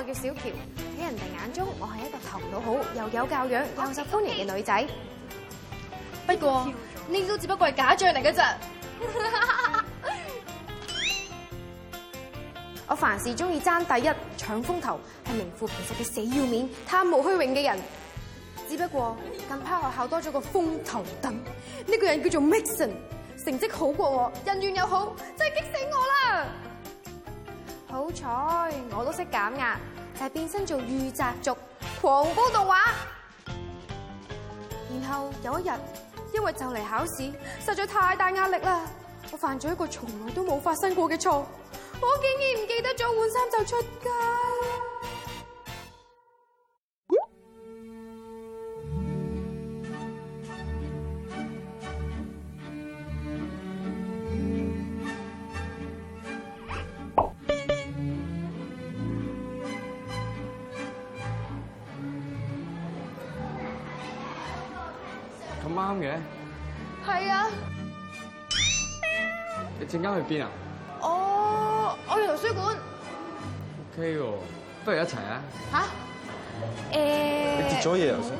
我叫小喬，喺人哋眼中我係一個頭腦好，又有教養，又受歡迎嘅女仔。不過呢都只不過係假象嚟嘅咋。我凡事中意爭第一，搶風頭，係名副其實嘅死要面，貪慕虛榮嘅人。只不過近排學校多咗個風頭燈，呢、這個人叫做 Mixson 成績好過我，人緣又好，真係激死我啦！好彩我都識減壓，但係變身做《御宅族狂煲動畫》。然後有一日，因為就嚟考試，實在太大壓力啦，我犯咗一個從來都冇發生過嘅錯，我竟然唔記得咗換衫就出街。去邊啊？哦，oh, 我去圖書館。OK 喎，不如一齊啊！吓、huh? uh？誒！你跌咗嘢啊？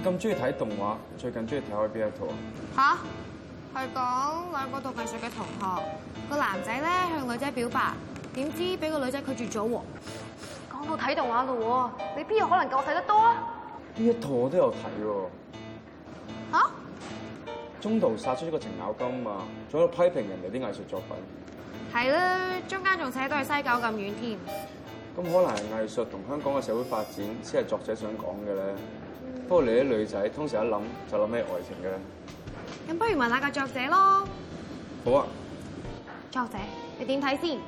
你咁中意睇動畫，最近中意睇開邊一套啊？吓，係講兩個讀藝術嘅同學，個男仔咧向女仔表白，點知俾個女仔拒絕咗喎。講到睇動畫咯，你邊有可能夠睇得多啊？呢一套我都有睇喎。吓？中途殺出一個程咬金啊！仲喺度批評人哋啲藝術作品。係啦，中間仲寫到去西九咁遠添。咁可能係藝術同香港嘅社會發展先係作者想講嘅咧。不過你啲女仔通常一諗就諗咩愛情㗎，咁不如問下個作者咯。好啊，作者你點睇先？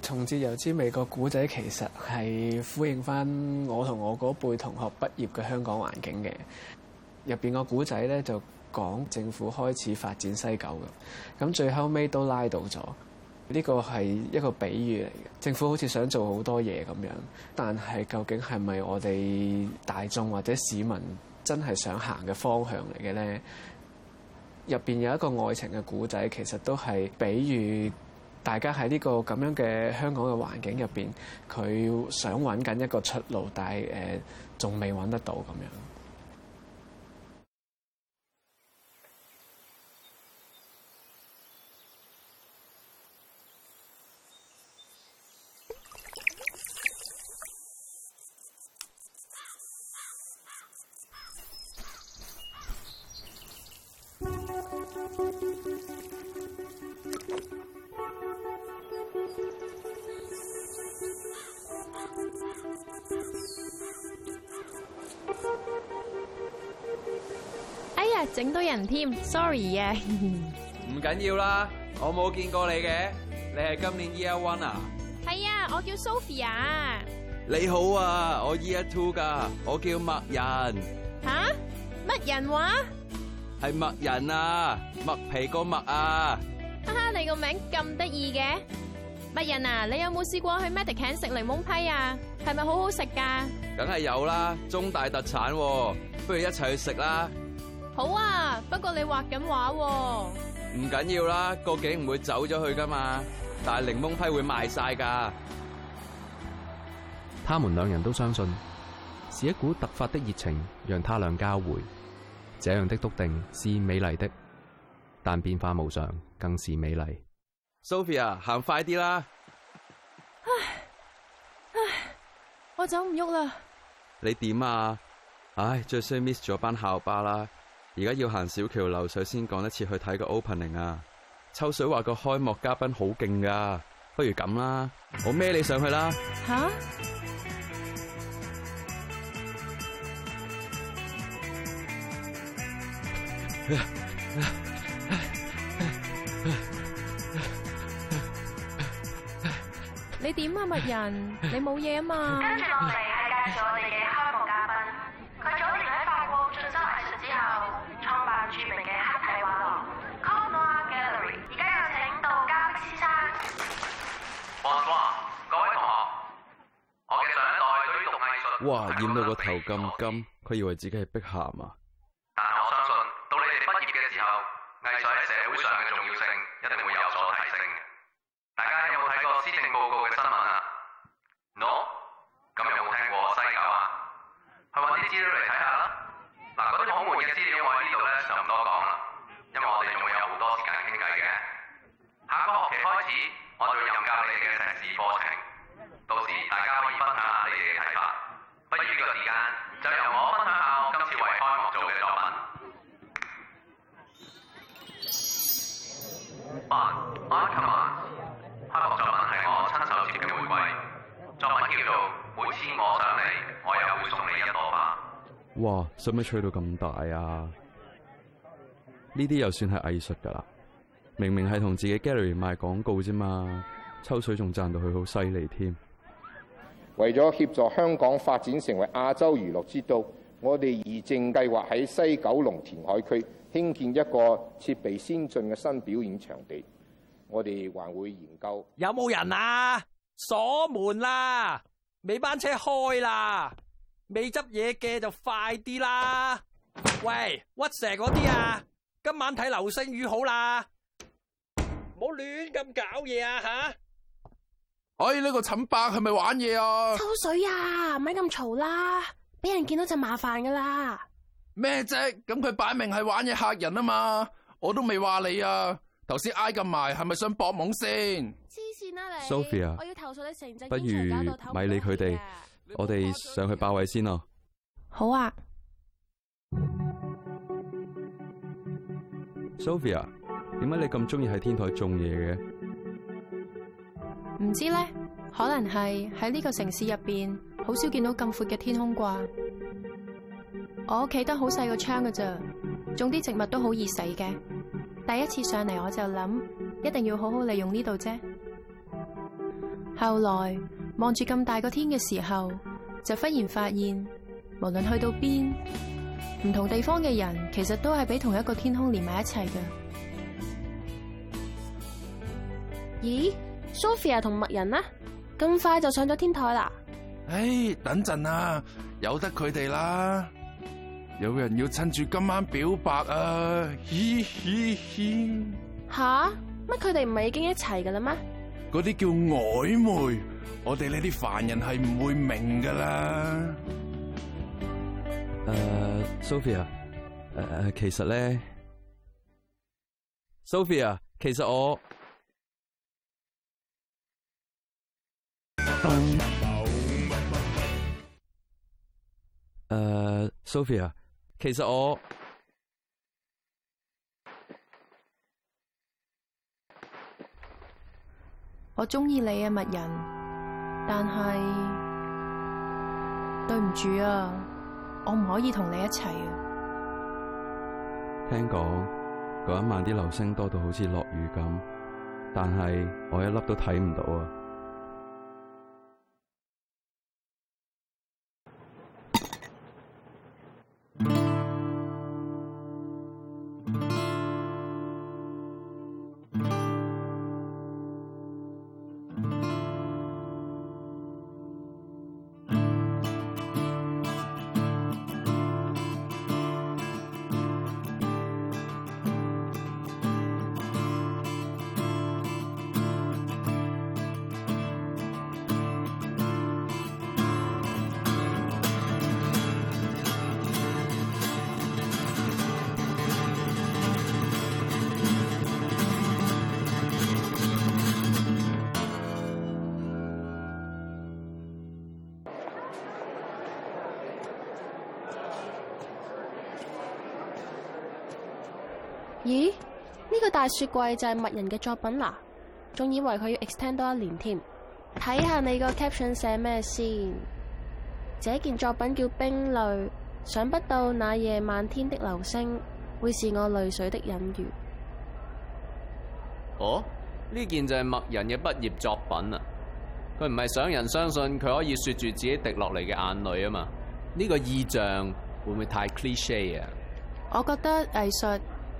松節油之味嗰個古仔其實係呼應返我同我嗰輩同學畢業嘅香港環境嘅。入邊個古仔咧就講政府開始發展西九㗎，咁最後尾都拉到咗。呢個係一個比喻嚟嘅，政府好似想做好多嘢咁樣，但係究竟係咪我哋大眾或者市民真係想行嘅方向嚟嘅咧？入邊有一個愛情嘅古仔，其實都係比喻大家喺呢個咁樣嘅香港嘅環境入邊，佢想揾緊一個出路，但係誒仲未揾得到咁樣。整到人添，sorry 啊！唔緊要啦。我冇見過你嘅，你係今年 Year One 啊？係啊，我叫 Sophia。你好啊，我 Year Two 噶，我叫麥人。吓、啊，乜人話？係麥人啊，麥皮個麥啊。哈哈， 你個名咁得意嘅，麥人啊？你有冇試過去 Medican 食檸檬批啊？係咪好好食噶？梗係有啦，中大特產，不如一齊去食啦。好啊，不過你畫緊畫喎。唔緊要啦，個景唔會走咗去噶嘛。但係檸檬批會賣晒噶。他們兩人都相信，是一股突發的熱情讓他倆交匯。這樣的篤定是美麗的，但變化無常更是美麗。Sophia，行快啲啦！唉唉，我走唔喐啦。你點啊？唉，最衰 miss 咗班校巴啦。而家要行小橋流水先講一次去睇個 opening 啊！秋水話個開幕嘉賓好勁噶，不如咁啦，我孭你上去啦。吓？你點啊，麥、 啊 啊、人？你冇嘢啊嘛？跟哇！染到個頭咁金，佢以為自己係碧鹹啊！做咩吹到咁大啊？呢啲又算係藝術噶啦，明明係同自己 gallery 賣廣告啫嘛，抽水仲賺到佢好犀利添。為咗協助香港發展成為亞洲娛樂之都，我哋二正計劃喺西九龍填海區興建一個設備先進嘅新表演場地。我哋還會研究。有冇人啊？鎖門啦！尾班車開啦！未執嘢嘅就快啲啦！喂，屈蛇嗰啲啊，今晚睇流星雨好啦，唔好亂咁搞嘢啊吓！哎，呢個陳伯係咪玩嘢啊？抽水啊！唔好咁嘈啦，俾人見到就麻煩噶啦。咩啫、啊？咁佢擺明係玩嘢嚇人啊嘛！我都未話你啊，頭先挨咁埋係咪想搏懵先？黐線啦你！Sophia，我要投訴你，成如你、啊，成鎮經常搞到偷摸嘢，不如咪理佢哋。我哋上去霸位先咯。好啊，Sophia，點解你咁中意喺天台種嘢嘅？唔知咧，可能係喺呢個城市入邊，好少見到咁闊嘅天空啩。我屋企得好細個窗噶咋，種啲植物都好易死嘅。第一次上嚟我就諗，一定要好好利用呢度啫。後來。望住咁大個天嘅時候，就忽然發現，無論去到邊唔同地方嘅人，其實都係俾同一個天空連埋一齊噶。咦，Sophia 同麥人呢？咁快就上咗天台啦？唉、哎，等陣啊，由得佢哋啦。有人要趁住今晚表白啊！嘻嘻嘻。吓乜？佢哋唔係已經一齊噶啦咩？嗰啲叫曖昧。我哋呢啲凡人係唔會明噶啦。誒、uh,，Sophia，誒、uh,，其實咧，Sophia，其實我，誒、 uh,，Sophia，其實我，我中意你啊，物人。但係，對唔住啊，我唔可以同你一齊啊！聽講嗰一晚啲流星多到好似落雨咁，但係我一粒都睇唔到啊！咦？呢、這個大雪櫃就係墨人嘅作品啦、啊，仲以為佢要 extend 多一年添。睇下你個 caption 寫咩先？這件作品叫《冰淚》，想不到那夜漫天的流星會是我淚水的隱喻。哦，呢件就係墨人嘅畢業作品啦、啊。佢唔係想人相信佢可以雪住自己滴落嚟嘅眼淚啊嘛？呢、這個意象會唔會太 cliché 啊？我覺得藝術。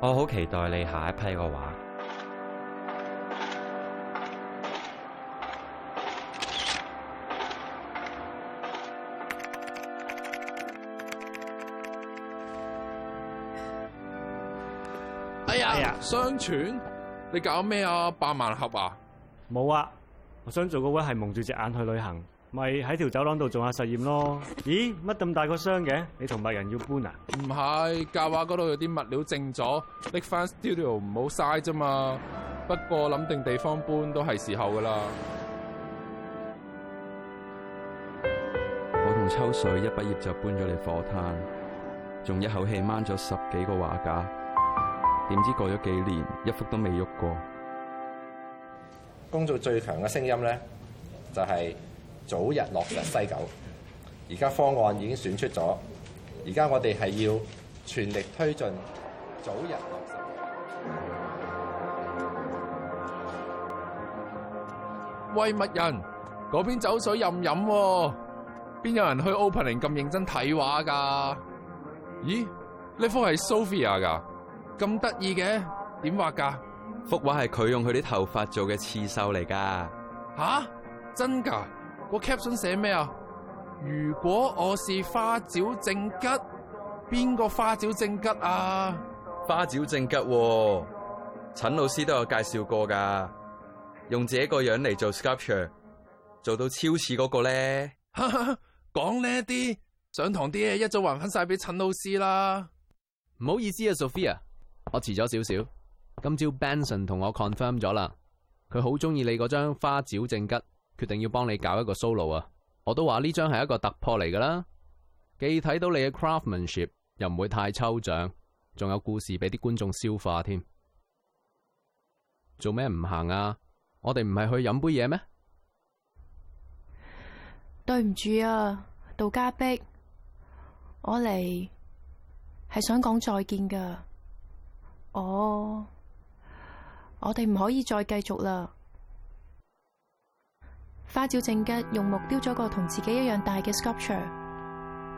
我好期待你下一批個畫，哎呦。哎呀喘，相傳你搞咩啊？百萬盒啊？冇啊！我想做嗰位係蒙住隻眼去旅行。咪喺條走廊度做下實驗咯？咦，乜咁大個箱嘅？你同埋人要搬啊？唔係，教畫嗰度有啲物料剩咗，拎翻 studio 唔好嘥啫嘛。不過諗定地方搬都係時候噶啦。我同秋水一畢業就搬咗嚟貨攤，仲一口氣掹咗十幾個畫架，點知過咗幾年，一幅都未喐過。工作最強嘅聲音咧，就係、是。早日落實西九，而家方案已經選出咗。而家我哋係要全力推進，早日落實。喂，乜人？嗰邊酒水任飲，啊，邊有人去 opening 咁認真睇畫㗎？咦，呢幅係 Sophia 㗎，咁得意嘅點畫㗎？幅畫係佢用佢啲頭髮做嘅刺繡嚟㗎。吓、啊？真㗎？個 caption 寫咩啊？如果我是花鳥正吉，邊個花鳥正吉啊？花鳥正吉啊，陳老師都有介紹過噶，用自己個樣嚟做 sculpture，做到超似嗰個咧。講呢啲上堂啲嘢，一早還翻晒俾陳老師啦。唔好意思啊，Sophia，我遲咗少少。今朝 Benson 同我 confirm 咗啦，佢好中意你嗰張花鳥正吉。決定要幫你搞一個 solo 啊！我都話呢張係一個突破嚟噶啦，既睇到你嘅 craftsmanship，又唔會太抽象，仲有故事俾啲觀眾消化添。做咩唔行啊？我哋唔係去飲杯嘢咩？對唔住啊，杜嘉碧，我嚟係想講再見噶。哦，我哋唔可以再繼續啦。花沼正吉用木雕咗個同自己一樣大嘅 sculpture，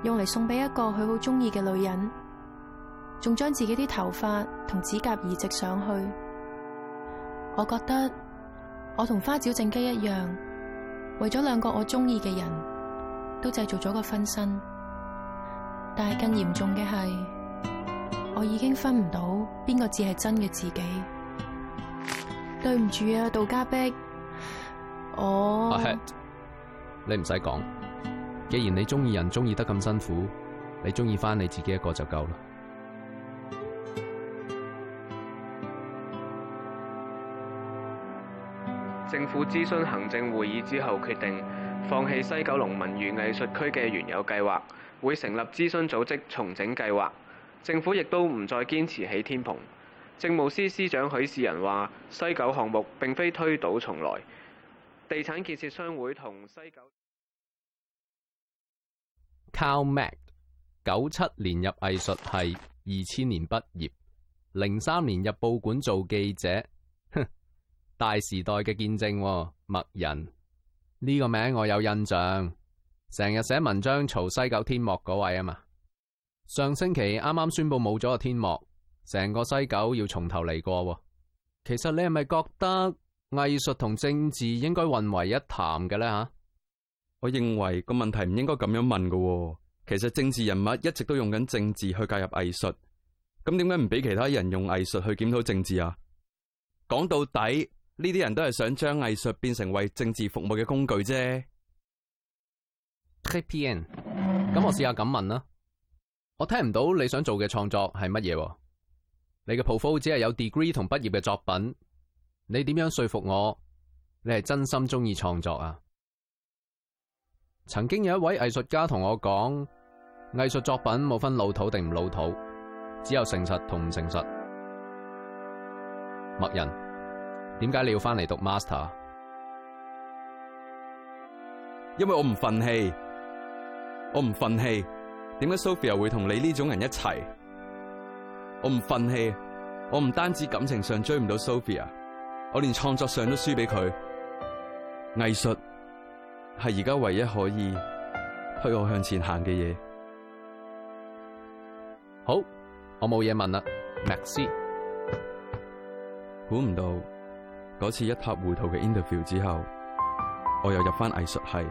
用嚟送俾一個佢好鍾意嘅女人，仲將自己啲頭髮同指甲移植上去。我覺得我同花沼正吉一樣，為咗兩個我鍾意嘅人都製造咗個分身。但係更嚴重嘅係，我已經分唔到邊個至係真嘅自己。對唔住啊，杜家碧。阿、oh. 你唔使講。既然你中意人，中意得咁辛苦，你中意翻你自己一個就夠啦。政府諮詢行政會議之後，決定放棄西九龍文娛藝術區嘅原有計劃，會成立諮詢組織重整計劃。政府亦都唔再堅持起天蓬。政務司司長許仕仁話：西九項目並非推倒重來。地產建設商會同西九。Cal Mac，九七年入藝術係，二千年畢業，零三年入報館做記者，哼， 大時代嘅見證，啊，麥人，呢個名我有印象，成日寫文章嘈西九天幕嗰位啊嘛。上星期啱啱宣布冇咗個天幕，成個西九要從頭嚟過。其實你係咪覺得？藝術同政治應該混為一談嘅咧吓，我認為個問題唔應該咁樣問嘅。其實政治人物一直都用緊政治去介入藝術，咁點解唔俾其他人用藝術去檢討政治啊？講到底，呢啲人都係想將藝術變成為政治服務嘅工具啫。Trip in，咁我試下咁問啦，我聽唔到你想做嘅創作係乜嘢？你嘅 profile 只係有 degree 同畢業嘅作品。你點樣說服我？你係真心中意創作啊？曾經有一位藝術家同我講，藝術作品冇分老土定唔老土，只有誠實同唔誠實。麥人，點解你要翻嚟讀 Master？因為我唔忿氣，我唔忿氣。點解 Sophia 會同你呢種人一齊？我唔忿氣，我唔單止感情上追唔到 Sophia。我連創作上都輸俾佢。藝術係而家唯一可以推我向前行嘅嘢。好，我冇嘢問啦，Mixson。估唔到嗰次一塌糊塗嘅 interview 之後，我又入返藝術系。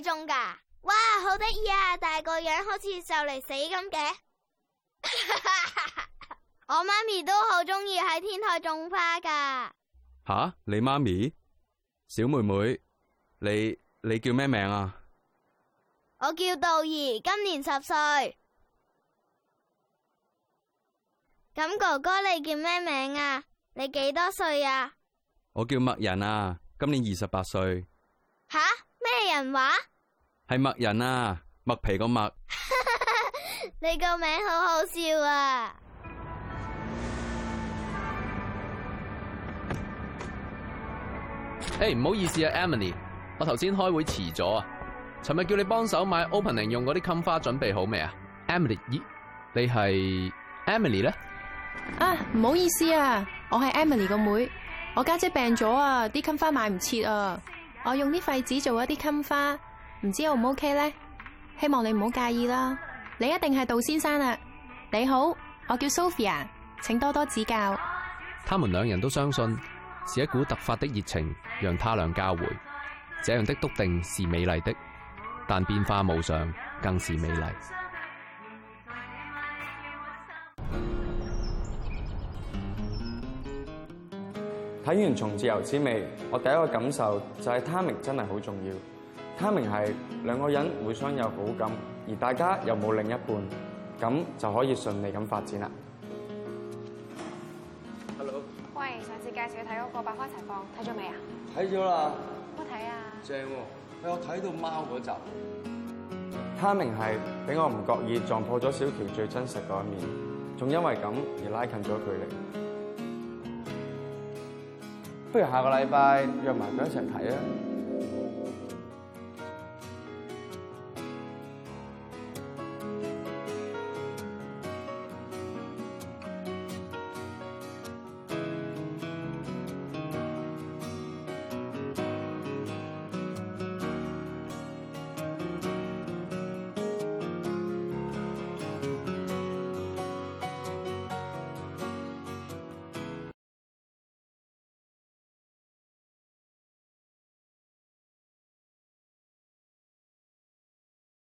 種噶，哇，好得意啊！大係個樣好似就嚟死咁嘅。我媽咪都好中意喺天台種花噶。吓，你媽咪？小妹妹，你你叫咩名啊？我叫道儀，今年十歲。咁哥哥你叫咩名啊？你幾多歲啊？我叫麥仁啊，今年二十八歲。吓、啊？咩人話？係麥人啊，麥皮個麥。 你個名好好笑啊！誒，唔好意思啊，Emily，我頭先開會遲咗啊。尋日叫你幫手買 opening 用嗰啲襟花，準備好未啊？Emily，咦，你係 Emily 咧？啊，唔好意思啊，我係 Emily 個妹，我家姐病咗啊，啲襟花買唔切啊。我用啲廢紙做一啲襟花，唔知 OK 唔 OK 咧？希望你唔好介意啦。你一定係杜先生啦。你好，我叫 Sophia，請多多指教。他們兩人都相信，是一股突發的熱情讓他倆交匯。這樣的篤定是美麗的，但變化無常更是美麗。睇完《松節油之味》，我第一個感受就係 timing 真係好重要。Timing 係兩個人互相有好感，而大家又冇另一半，咁就可以順利咁發展啦。Hello。喂，上次介紹你睇嗰個百花齊放，睇咗未啊？睇咗啦。乜睇啊？正喎！我睇到貓嗰集。Timing 係俾我唔覺意撞破咗小喬最真實嗰一面，仲因為咁而拉近咗距離。不如下個禮拜約埋佢一齊睇啊！